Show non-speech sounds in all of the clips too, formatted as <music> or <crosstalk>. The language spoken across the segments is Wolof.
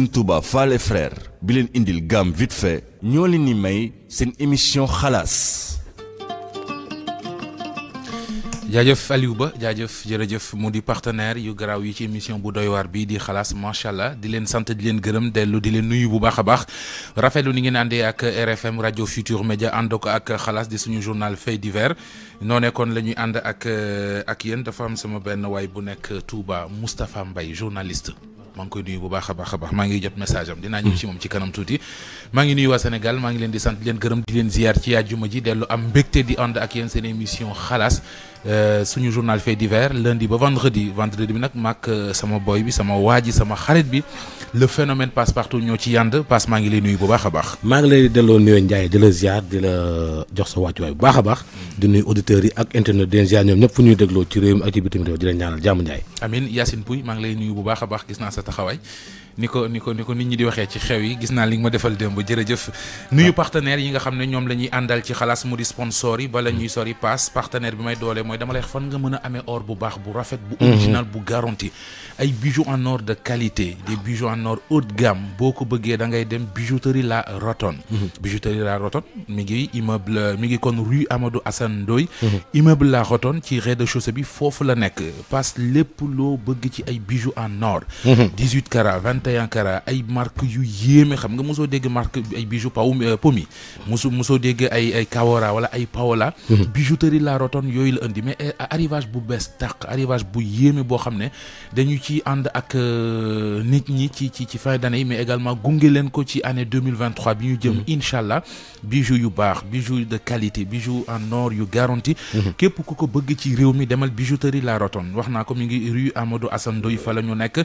Serigne Touba Fall frère bi indil Gam vite fait Nyolini leen c'est may seen émission Khalas. jaajëf Aliou Ba Jerejef, Moudi partenaire yu graw yi ci émission bu doy war bi di khalas machallah di len sante di len gërëm delu di len nuyu bu baax rafetlu ni ngeen andé ak RFM Radio Futur Media ando ko ak khalas di suñu journal Feu d'hiver noné kon lañuy and ak ak yeen dafa am sama benn way bu nek Touba Mustafa Mbaye journaliste. maa ngi koy nuyu bu baax a baax a maa ngi jot message am dinaa ñëw ci moom ci kanam tuuti maa ngi nuyu waa Sénégal maa ngi leen di sant leen gërëm di leen ziyaar ci àjjuma ji dellu am mbégte di ànd ak yéen seen émission xalaas Euh, suñu journal fait divers lundi ba vendredi vendredi bi nak mak euh, sama boy bi sama waji sama xarit bi le phénomène passe partout ñoo ci yànd passe ma ngi lay nuyu bu baax a baax. maa ngi lay delloo nuyu Ndiaye di la ziar di la jox sa way bu baax a baax. di nuyu auditeurs yi ak internet di ziar ñom ñep fu ñuy dégloo ci réewum mi bitim réew di la ñaanal jamm Ndiaye. amin yassine Pouy ma ngi lay nuyu bu baax a baax gis na sa taxaway niko niko niko nit ñi di waxé ci xew yi gis na li nga nuyu partenaire yi nga xamné ñom lañuy la ci xalaas nous di sponsor yi ba lañuy sori pass partenaire bi may doolé nous dama lay nga or bu bu rafet mhm. original bu garanti ay bijoux en or de qualité des bijoux en or haut de gamme Beaucoup bëggé da ngay dem bijouterie la Roton mhm. bijouterie la Roton mi ngi immeuble mi ngi kon rue Amadou hassan doy mhm. immeuble la Roton ci rez-de-chaussée bi nous la nekk pass lepp lo bëgg ci ay bijoux en or 18 carats 21 Ankara, ay marque yu yeme xam nga mosoo dégg marque ay bijoux ou euh, pomi mosu mosoo dégg ay ay Kawora wala ay Paola mhm. bijouterie La Rotonde yoy la andi mais euh, arrivage bu bes tak arrivage bu yeme bo xam and dañu ci and ak euh, nit ñi ci ci ci fin d'année mais également gunge leen ko ci année 2023 bi ñu jëm mhm. incha bijoux yu bax bijoux de qualité bijoux en or yu garanti mhm. képp ku ko bëgg ci réew mi demal bijouterie La Rotonde waxna ko mi ngi rue Amadou Assane Ndoye fa la ñu nekk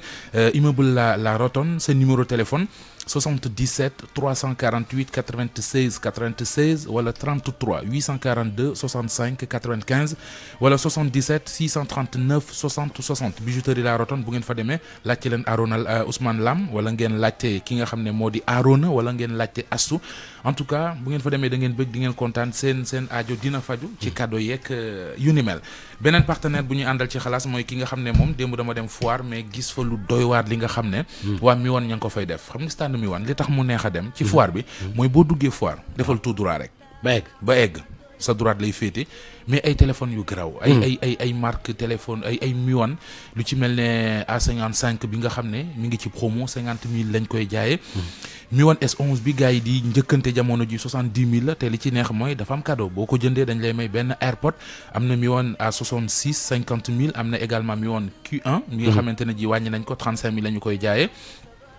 immeuble la la c'est numéro numéro téléphone 77 348 96 96 wala 33 842 65 95 wala 77 639 60 60 bijouterie La Rotonde bu ngeen fa demee laajte leen Arona euh, Ousmane Lam wala ngeen laccé ki nga xamné modi moo Arona wala ngeen laccé Astou en tout cas bu ngeen fa demee da ngeen bëgg di ngeen contane sen sen aajo dina faju ci cadeau yek euh, yu ni partenaire bu ñu andal ci xalaas moy ki nga xamné mom dembu dama dem foire mais gis fa lu doy waat li nga xamné ne hmm. waa mi fay def xam nga mbànd li tax mu neex dem ci mhm. foire bi mhm. mooy boo duggee foire defal tout droit rek ba egg ba egg sa droite lay féete mais ay téléphones yu garaaw ay mhm. ay ay ay marque téléphone ay ay miwan lu ci mel ne A55 bi nga xam ne mi ngi ci promo cinquante mille lañ koy jaayee miwan S11 bi gars yi di njëkkante jamono ji soixante-dix mille la te ci neex mooy dafa am cadeau boo ko jëndee dañ lay may benn AirPod am na miwan A66 cinquante mille am na également miwan Q1 mi nga xamante ne ji wàññi nañ ko trente-cinq mille la ñu koy jaayee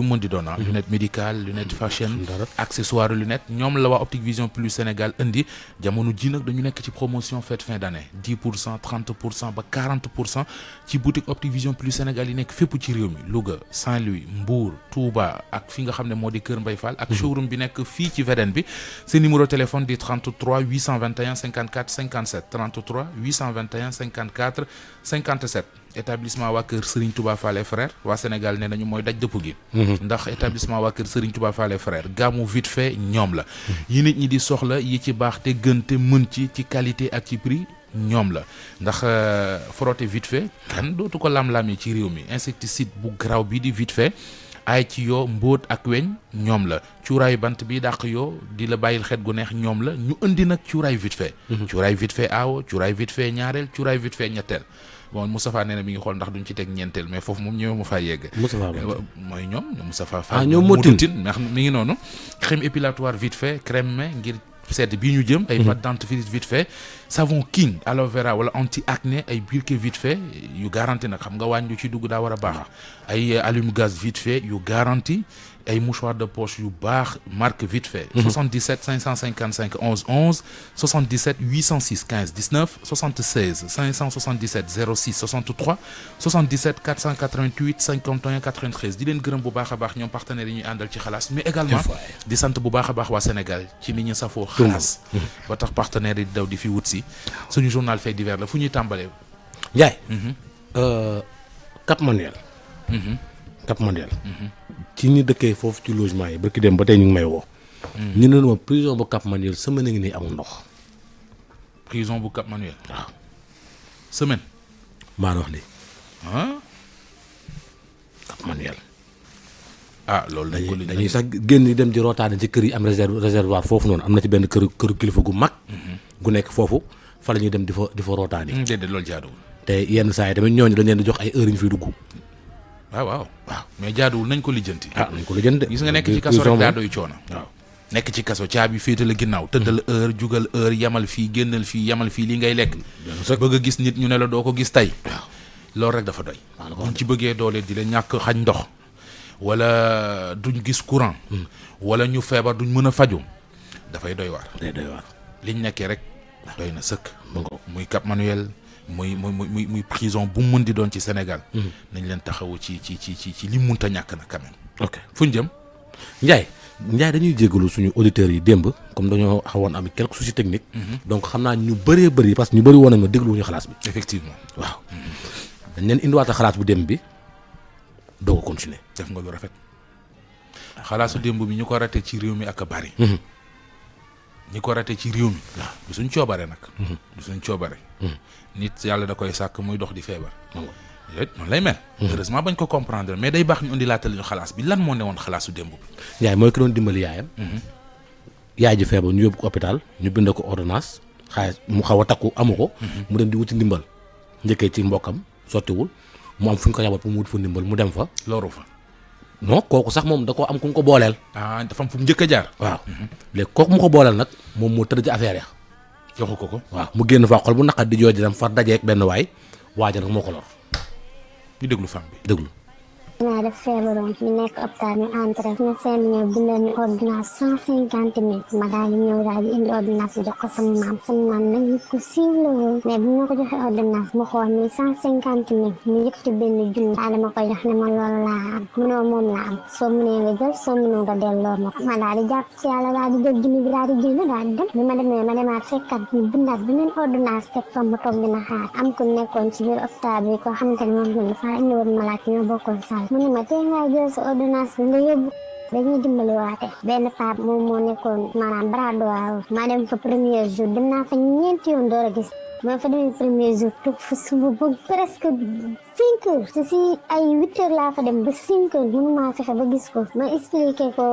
yu mën di doon ah. mhm. lunette médicale lunette fashion. accessoire lunette ñoom la waa Optique Vision Plus Sénégal indi jamono ji nag dañu nekk ci promotion fête fin d'année 10 30 pour ba 40 pour cent ci boutique Optique Vision Plus Sénégal yi nekk fépp ci réew mi Louga Saint-Louis Mbour Touba ak fi nga xam ne moo di Kër Mbay Fall. ak mhm. showroom bi nekk fii ci VDN bi seen numéro téléphone di 33 821 54 57 33 821 54 57 établissement waa kër Serigne Touba Fallé frère wa Sénégal nee nañu mooy daj dëpp gi. Mhm. ndax établissement waa kër Serigne Touba Fallé frère gamou vite fait ñom la. yi nit ñi di soxla yi ci baax te gën mën ci ci qualité ak ci prix. ñom la ndax euh, frotté vite fait kan dootu ko lam lamé ci réew mi insecticide bu graw bi di vite fait ay ci yo mbot ak weñ ñom la ciuray bant bi dàq yo di la bayil xet gu neex ñom la ñu andi nak ciuray vite fait mhm. ciuray vite fait awo ciuray vite fait ñaarel ciuray vite fait ñettel bon Moustapha nee mi ngi mais mu euh, ah, crème épilatoire vite fait crème ngir. sedd bi ñu jëm ay mhm. dentifrice vite fait savon king aloe vera wala anti acné ay vite fait yu garantie nak xam nga wàññi ci dugg ay euh, gaz vite fait yu garantie ay mouchoir de poche yu bax marque vite fait. 77 555 11 11 77 806 15 19 76 577 06 63 77 488 51 93 di len gërëm bu baax mais également di sant bu partenaire a Sénégal ci ni ñu safo xalaas mhm. ba tax partenaire journal fait divers la fu ñuy mhm. euh, Cap Manuel mhm. Cap Manuel. ci ñi dëkkee foofu ci logement yi barki dem ba tey ñu ngi may woo. ñu ne ma prison bu Cap Manuel semaine ngi nii amul ndox. prison bu Cap Manuel. waaw semaine. maa wax lii. Cap Manuel. ah loolu dañuy dañuy sax génn di dem di rootaane ci kër yi am réserve réservoir foofu noonu am na ci benn kër këru kilifa gu mag. Mhm. gu nekk foofu fa la ñuy dem di fa di fa rootaane. Mm, déedéet loolu jaaduwul. te yenn saa yi tamit ñooñu dañ leen jox ay heures yu ñu fiy dugg. waaw ah, waaw waaw mais jaaduwul nañ ko lijjanti. ah nañ ko lijjanti gis nga nekk ci kaso rek daa doy coono. nekk ci kaso caabi féete la ginnaaw. tëddal hmm. heure jugal heure yamal fii génnal fii yamal fii li ngay lekk. Hmm. bëgg a gis nit ñu ne la doo ko gis tey. waaw loolu rek dafa doy. buñ ci bëggee doole di la ñàkk xañ ndox. Hmm. wala duñ gis courant. wala ñu feebar duñ mën a faju dafay doy waar. day doy waar liñ nekkee rek. Ah. doy na sëkk. muy Cap Manuel. muy muy muy muy prison bu mu mën di doon ci Sénégal. Mhm. nañ leen taxawu ci ci ci ci ci li munta ñàkk na quand même. ok fu ñu jëm. Ndiaye Ndiaye dañuy jégalu suñu auditeurs yi démb comme dañoo xawoon am quelques soucis technique mhm. donc xam naa ñu bëree bëri parce que ñu bëri woon nañu déglu ñu xalaas bi. effectivement waaw. Mhm. dañ leen indiwaat xalaas bu démb bi doo ko continuer. def nga lu rafet xalaasu démb bi ñu ko raté ci réew mi ak bari. ñi ko rate ci réew mi. du suñ coobare nag. Mhm. du suñ coobare. Mhm. nit yàlla da koy sàkk muy dox di feebar. Mhm. yooyu noonu lay mel. heureusement bañ ko comprendre mais day baax ñu indi laata ñu xalaas bi lan moo newoon xalaasu démb bi. yaay mooy ki doon dimbali yaayam. yaay ji feebar ñu yóbbu ko hôpital ñu bind ko ordonnance xaalis mu xaw a takku amu ko. mu dem di wuti ndimbal njëkkee ci mbokkam sottiwul mu am fu ñu ko yabal pour mu wut fu ndimbal mu dem fa. loru fa non kooku sax moom da koo am ku mu ko booleel. ah am fu mu njëkk a jaar. waaw mhm. léegi kooku mu ko booleel nag moom moo tëdd ci affaire ya. joxu ko ko waaw mu génn fa xol bu naqar di jooy di dem far dajeeg benn waay waaja nag moo ko lor. ñu déglu femme déglu. laa def feebaroon ñu nekk hôpital ñu entré ñu seen ñëw bindal ñu ordonnance cent ma daal di ñëw daal di indi ordonnance jox ko sama maam sama maam nag nit ku siiw la woon mais bu ma ko joxee ordonnance mu xool ni cent cinquante mille koy jox ne ma loolu laa am munoo laa am soo munee nga jël soo ma ko ma daal di bi daal di génn daal ma demee ma demaat fekkat ñu bindaat beneen ordonnance teg fa ne moom dafa mu ne ma tey ngaa jël sa ordonnance bi nga yóbbu dañuy dimbali waate benn paap moom moo nekkoon maanaam bras droit maa dem fa premier jour dem fa ñeenti yoon door a gis maa fa demee premier jour toog fa suba ba presque cinq heures si si ay huit heures laa fa dem ba cinq heures mënu maa fexe ba gis ko ma expliqué ko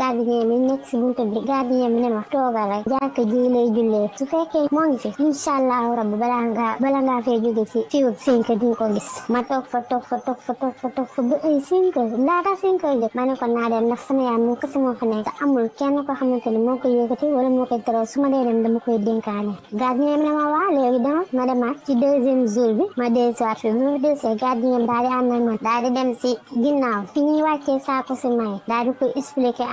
gardien bi nekk si buntu bi gardien bi ne ma toogal rek jàkk ji lay jullee su fekkee moo ngi fi incha allahu rabbi balaa ngaa bala ngaa fee jóge ci fii ak cinq heures di nga ko gis ma toog fa toog fa toog fa toog fa toog fa ba ay cinq heures laata cinq heures jot ma ne ko naa dem ndax sama yaay moo kese moo fa nekk amul kenn koo xamante ne moo koy yëkkati wala moo koy teral su ma dee dem dama koy dénkaane gardien bi ne ma waa léegi dama ma demaat ci deuxième jour bi ma dee gisee gardien daal di àndal moom daal di dem si ginnaaw fi ñuy wàccee saako si may daal di koy expliquer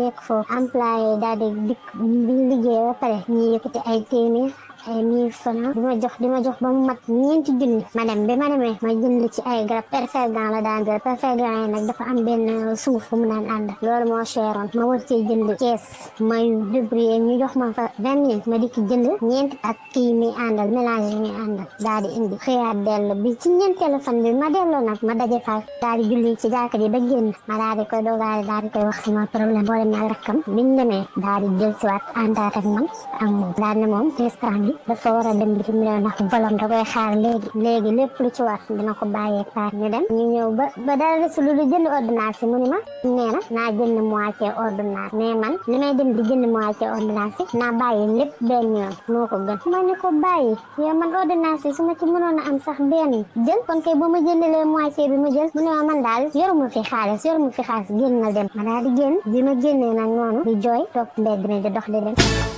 nekk foofu employé yi daal dikk bi liggéey ba pare ñuy yëkkati ay téeméer ay mille francs di ma jox di ma jox ba mu mat ñeenti junni ma dem bi ma demee ma jënd ci ay garab perfergan la daan jël perfergan yi nag dafa am benn suuf bu mu daan ànd loolu moo cheroon ma war cee jënd kees may débrouillé ñu jox ma fa vingt mille ma dikk jënd ñeenti ak kii mi àndal mélange yi mi àndal daal di indi xëyaat dellu bi ci ñeenteelu fan bi ma delloo nag ma daje fa daal di julli ci jàkka ji ba génn ma daal di koy doogaale daal di koy wax sama problème boolem ñaar rakkam biñ demee daal di jël siwaat àndaat ak man ak moom daal ne moom restaurant bi bi dafa war a dem bitim réew ndax volam da koy xaar léegi léegi lépp lu ci war dina ko bàyyee paat ñu dem ñu ñëw ba ba dara resul lu jënd ordonnance yi mu ni ma nee na naa jënd moitié ordonnance mais man li may dem di jënd moitié ordonnance yi naa bàyyi lépp benn yoon ma ni ko bàyyi man ordonnance yi ma ci mënoon a am sax benn jël kay bu ma jëndalee moitié bi mu jël mu ne ma man daal yoruma fi xaalis yoruma fi xaalis génn dem ma daal di génn ma génnee nag noonu di jooy toog mbedd mi di dem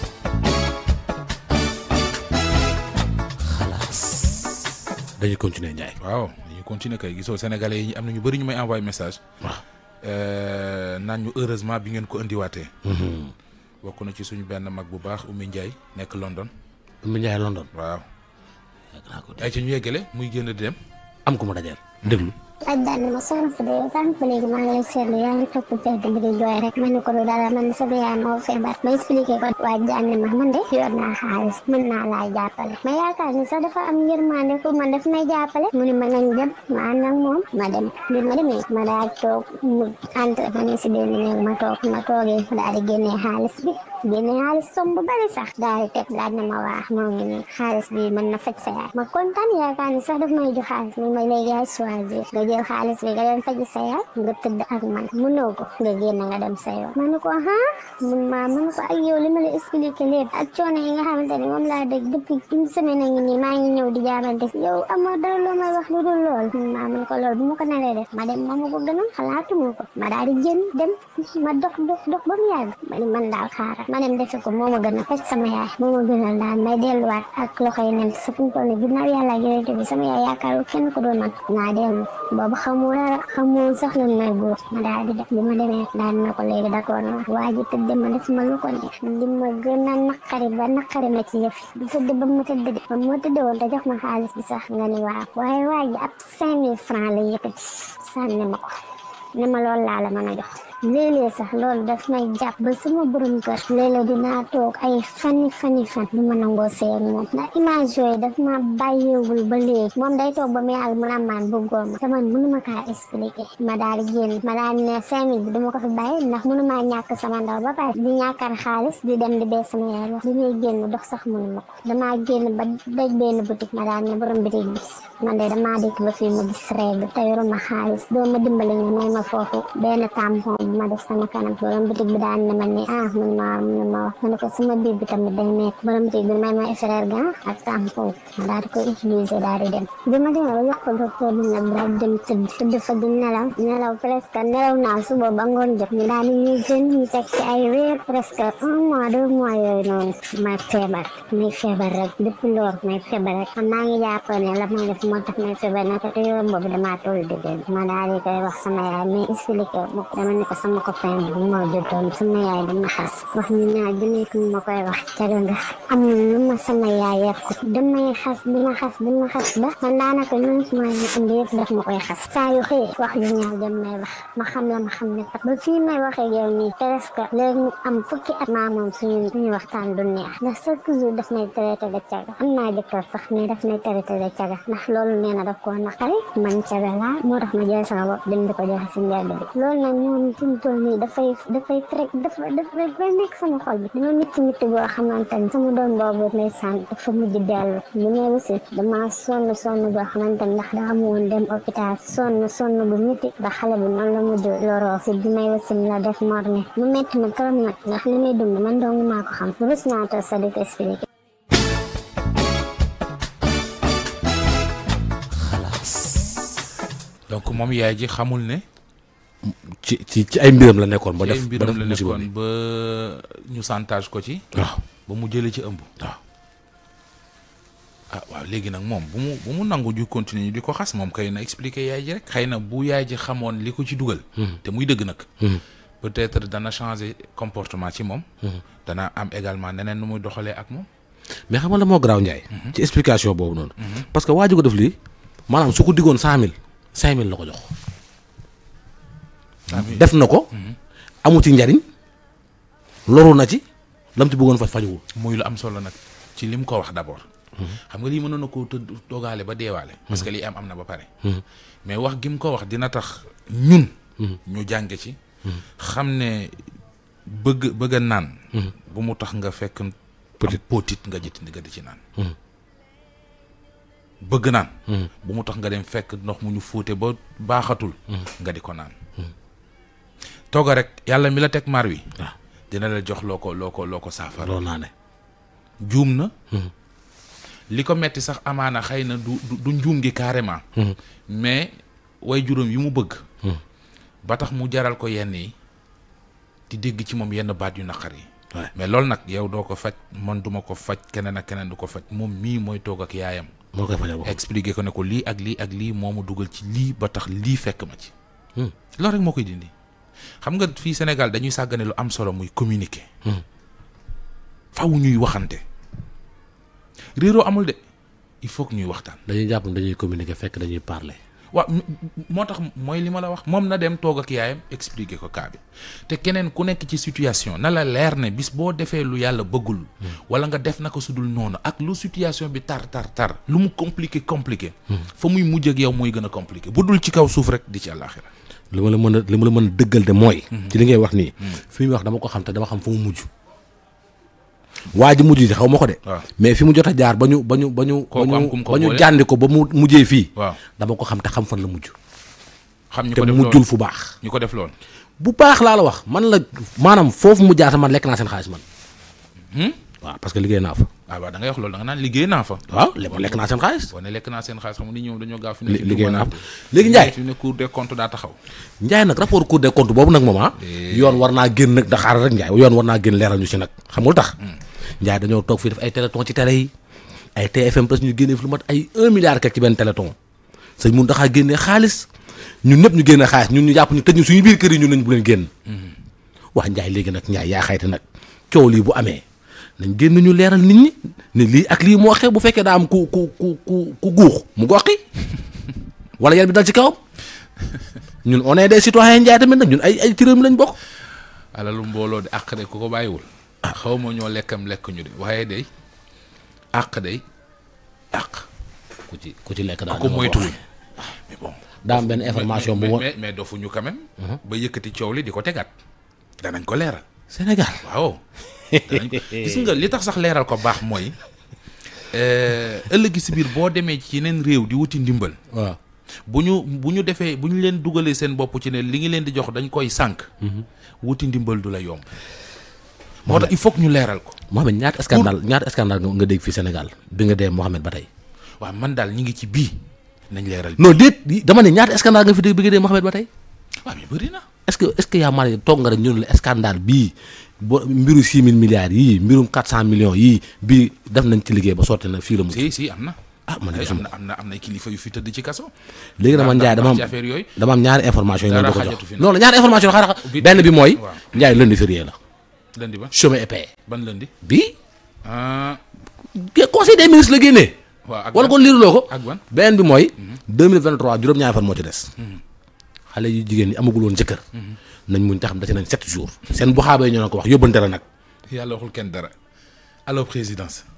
dañuy continuer Ndiaye. waaw ñu continuer kay gisoo sénégalais yi am na ñu bëri ñu may envoyé message. waaw euh, naan ñu heureusement bi ngeen ko indiwaatee. Mhm. bokk na ci suñu benn mag bu baax Oumy Ndiaye nekk London. Oumy Ndiaye London. waaw. ay ci ñu yeggale muy génn di dem. am ko mu dajeel déglu. aj daan ne ma soxna Fodé yow sànq ba léegi lay seetlu yaa ngi topp pexe bi di jooy rek ma ne ko a dara man sama yaay moo feebar ma expliqué ko waaj daan ne ma man de yor naa xaalis mën naa laa jàppale ma yaakaar ni sax dafa am yërmande pour man daf may jàppale mu ne ma nañ dem ma ànd ak moom ma dem bi ma demee ma daal toog mu entre ma ne si benn néeg ma toog ma daal di génnee xaalis bi din ng halos sa mabalisak dahil tiplad na mawahmong halos di man nafatsaya. Magkunta niya kan sa lumaydo halos may may may halos wadi. Gagyo halos may galang pagisaya. Gupted ang man. Munog. Gagyo ng adam sayo. Mano ko ha? Mama, mano ko ayaw. Limali is kilikilip. At siya na yung hamad na yung mladag. Dipigin sa may nangini. Mayin di gaman. Yo, amo dalo may wakdululol. Mama, ko lol. Mo ka nalilip. Madem mo mo ko ganun. Kalato mo ko. Madari dyan. Dem. Madok, dok, dok. Bumiyag. Maliman daw kara. ma dem defi ko moo ma gën a faj sama yaay moo ma gënal daal may delluwaat ak loxo yi neen sa fu mu toll ko ginnaaw yàlla jërëjëf bi sama yaay yaakaaru kenn ku doon man naa dellu boobu xamu dara xamu sax lan may góor ma daal di na ko léegi na def ma lu ko ne li ma gën a naqari ba naqari ma ci bi tëdd ba ma tëdd de ba ma tëdd woon te jox ma xaalis bi sax nga ni waaw waaye waa ji ab cinq mille francs la yëkkati ma ko ne ma loolu laa la mën a léeg-léeg sax loolu daf may jàpp ba sama borom kër léeg-léeg dinaa toog ay fani fani fan du ma nangoo sëy moom daf ma bàyyeewul ba léegi moom day toog ba muy àll mu maan bëggoo ma te man mënu ma kaa ma daal di génn ma daal ne cinq mille bi dama ko fi bàyyi a mënu maa ñàkk ba pare di na xaalis di dem di bee sama yaay wax li ngay génn dox sax mënu ma ko damaa génn ba daj benn boutique ma daal ne borom bitig bi man de damaa dëkk ba fii mu gis règle te yoruma xaalis bu ah, ma def sama kanam borom bitig bi daan ne ma ne ah mun ma mun ma wax ma ne ko sama biir bi tamit day metti borom bitig bi may ma extraire gan ak tampon daal di koy utiliser daal di dem bi ma demee ba jox ko docteur bi nag daal di dem tëdd tëdd fa di nelaw nelaw presque nelaw naa suba ba ngoon jot ñu daal di ñuy gën ñu teg ci ay weer presque un mois deux mois yooyu noonu may feebar may feebar rek depuis loor may feebar rek am maa ngi jàpp ne la may def moo tax may feebar naka te yoon boobu damaa toll di ma daal di koy wax sama yaay mais expliqué ma dama ne ko sama copain bi moo juddoon sama yaay di ma xas wax ñu naaj bu nekk ma koy wax ca nga am na lu ma sama yaay yokku damay xas di ma xas di ma xas ba man daanaka lu ma indi yëpp daf ma koy xas saa yu xëy wax yu ñaaw dem may wax ma xam la ma xam ne ba fii may waxee yow nii presque léegi mu am fukki at maa moom suñu suñu waxtaan du neex ndax chaque jour daf may traité de caga am naa jëkkër sax mais daf may traité de caga ndax loolu nee na daf koo naqari man caga laa moo tax ma jël sama bopp dem di ko joxe si mbedd bi loolu nag ñoom fi mu toll nii dafay dafay fekk dafa dafa dafa nekk sama xol bi dama métti métti boo xamante ni sama doom boobu ndeysaan dafa mujj dellu li may wasi dama sonn sonn boo xamante ni ndax daa amoon dem hôpital sonn sonn bu métti ba xale bi noonu la mujj loroo si bi may wasim la def morne mu métti ma trop nag ndax li may dund man dong maa ko xam rus naa toog sa di ko expliqué donc moom yaay ji xamul ne ci ci ci ay mbiram la nekkoon. ba def ba def musiba bi ba ñu chantage ko ci. waaw ba mu jëlee ci ëmb. waaw ah waaw léegi nag moom bu mu bu mu nangu ju continuer di ko xas moom kay na expliquer yaay ji rek xëy na bu yaay ji xamoon li ko ci dugal. Hmm. te muy dëgg nag. Hmm. peut-être dana changer comportement ci moom. Hmm. dana am également neneen nu muy doxalee ak moom. mais xam nga la moo garaaw Ndiaye. ci explication boobu noonu. parce que waaju ko def lii maanaam su ko diggoon cent mille cinq mille Ah def na ko. Mhm. amu ci njariñ loru na ci lam ci bëggoon faj fajuwul. muy lu am solo nag ci li mu ko wax d'abord. Mhm. xam nga lii mënoon na koo tëdd toogaale ba deewaale. Mhm. parce que lii am am na ba pare. mais wax gi mu ko wax dina tax ñun. ñu jànge ci. xam ne bëgg bëgg naan. bu mu tax nga fekk peut-être potit nga jëtt nga di ci naan. bëgg bu mu tax nga dem fekk ndox mu ñu fóotee ba baaxatul. nga di ko naan. tooga rek yàlla mi la teg mar wi ah. dina la jox loo ko loo ko loo ko saafara loolu naa ne juum na hmm. li ko metti sax amaana xëy na du du njuum gi carrément hmm. mais way juróom yi mu bëgg hmm. ba tax mu jaral ko yenn yi di dégg ci moom yenn baat yu naqar yi mais loolu nag yow doo ko faj man duma ko faj keneen ak keneen du ko faj moom mii mooy toog ak yaayam moo koy fajal expliqué ko ne ko lii ak lii ak lii moo mu dugal ci lii ba tax lii fekk ma ci loolu rek moo koy dindi xam nga fii Sénégal dañuy sàggane lu am solo muy communiquer. Hmm. faw ñuy waxante. réeroo amul de il faut ñuy waxtaan. dañuy jàpp dañuy communiquer fekk dañuy parler. waaw moo tax mooy li ma la wax moom na dem toog ak yaayam expliqué ko kaa te keneen ku nekk ci situation na la leer ne bis boo defee lu yàlla bëggul. Hmm. wala nga def na ko su dul noonu ak lu situation bi tar tar tar lu mu compliqué compliqué. Hmm. fa muy mujj ak yow mooy gën a compliqué bu dul ci kaw suuf di ci li ma la mën a li ma la mën a dëggal de mooy. Mhm. ci li ngay wax nii. Mhm. fi muy wax dama ko xam te dama xam fu mu mujj. waa ji mujj ji xaw ma ko de. mais fi mu jot a jaar ba ñu ba ñu ba ñu. ba ñu jàndi ko ba mu mujjee fii. dama ko xam te xam fan la mujj. xam ñu ko def te mujjul fu baax. ñu ko def loon bu baax laa la wax man la maanaam foofu mu jaar man lekk naa seen xaalis man. Hmm? waaw parce que liggéey naa fa. ah waaw da ngay wax loolu da nga naa fa. waaw lekk naa seen xaalis. boo ne lekk naa seen xaalis xam nga ni ñëw dañoo gaaw fi. liggéey léegi ah, eh. Ndiaye yoon war naa génn nag ñu si nag xamul tax. Hmm. Ndiaye dañoo toog fii def ay téléthon ci télé yi ay TFM plus ñu génnee fi lu mat ay 1 milliard kek ci benn téléthon sëñ mun daxaa génnee xaalis ñun ñëpp ñu génne xaalis ñun ñu jàpp ñu tëj ñu suñu biir kër yi ñun nañ bu leen génn. Hmm. waa Ndiaye léegi nag Ndiaye yaa xayti nag coow lii bu amee nañ génn ñu leeral nit ñi ne lii ak lii mu xew bu fekkee daa am ku ku ku guux mu goxi <laughs> walla yar bi dal ci kaw ñun on est des citoyens njaay tamit nag ñun ay ay tiram lañ bokk. alalu mbooloo di àq de ku ko bàyyiwul. Ah. xaw ma ñoo lekkam lekk ñu de waaye day àq day àq. ku ci ku ci lekk daal ko moytuwul mais daa am benn information bu. mais mais dofuñu quand même. Uh-huh. ba yëkkati coow li di ko tegaat. danañ ko leeral. Sénégal waaw. gis nga li tax sax leeral ko baax mooy euh, ëllëg si biir boo demee ci yeneen réew di wuti ndimbal. waaw bu ñu bu ñu defee bu ñu leen dugalee seen bopp ci ne li ngi leen di jox dañ koy sànq. Mhm. wuti ndimbal du la yomb. moo tax il ñu leeral ko. Mohamed ñaata scandale ñaata scandale nga dégg fii Sénégal bi nga dee Mohamed ba tey. waaw man daal ñi ngi ci bii nañ leeral. non déet dama ne ñaata scandale nga fi dégg bi nga dee Mohamed ba tey. waaw mais bëri na. est-ce que est-ce que ñu ne la scandale bii bo mbiru 6000 milliards yii mbirum 400 millions yii bii def nañ ci liggéey ba sotti na fii la mu. si si am na. ah man de am na am na am na kilifa yu fi tëdd ci kaso. léegi nag man Ndiaye ñaari information yi ma ko jox non bi mooy. waaw Ndiaye lundi férié la. lundi ba ah. la génnee. waaw wala kon liiruloo ko. benn bi mooy. 2023 mhm. juróom-ñaari fan moo ci des. Mhm. xale yu jigéen ñi amagul woon jëkkër. Mhm. nañ muñ 7 jours seen bu ko wax la waxul dara allo présidence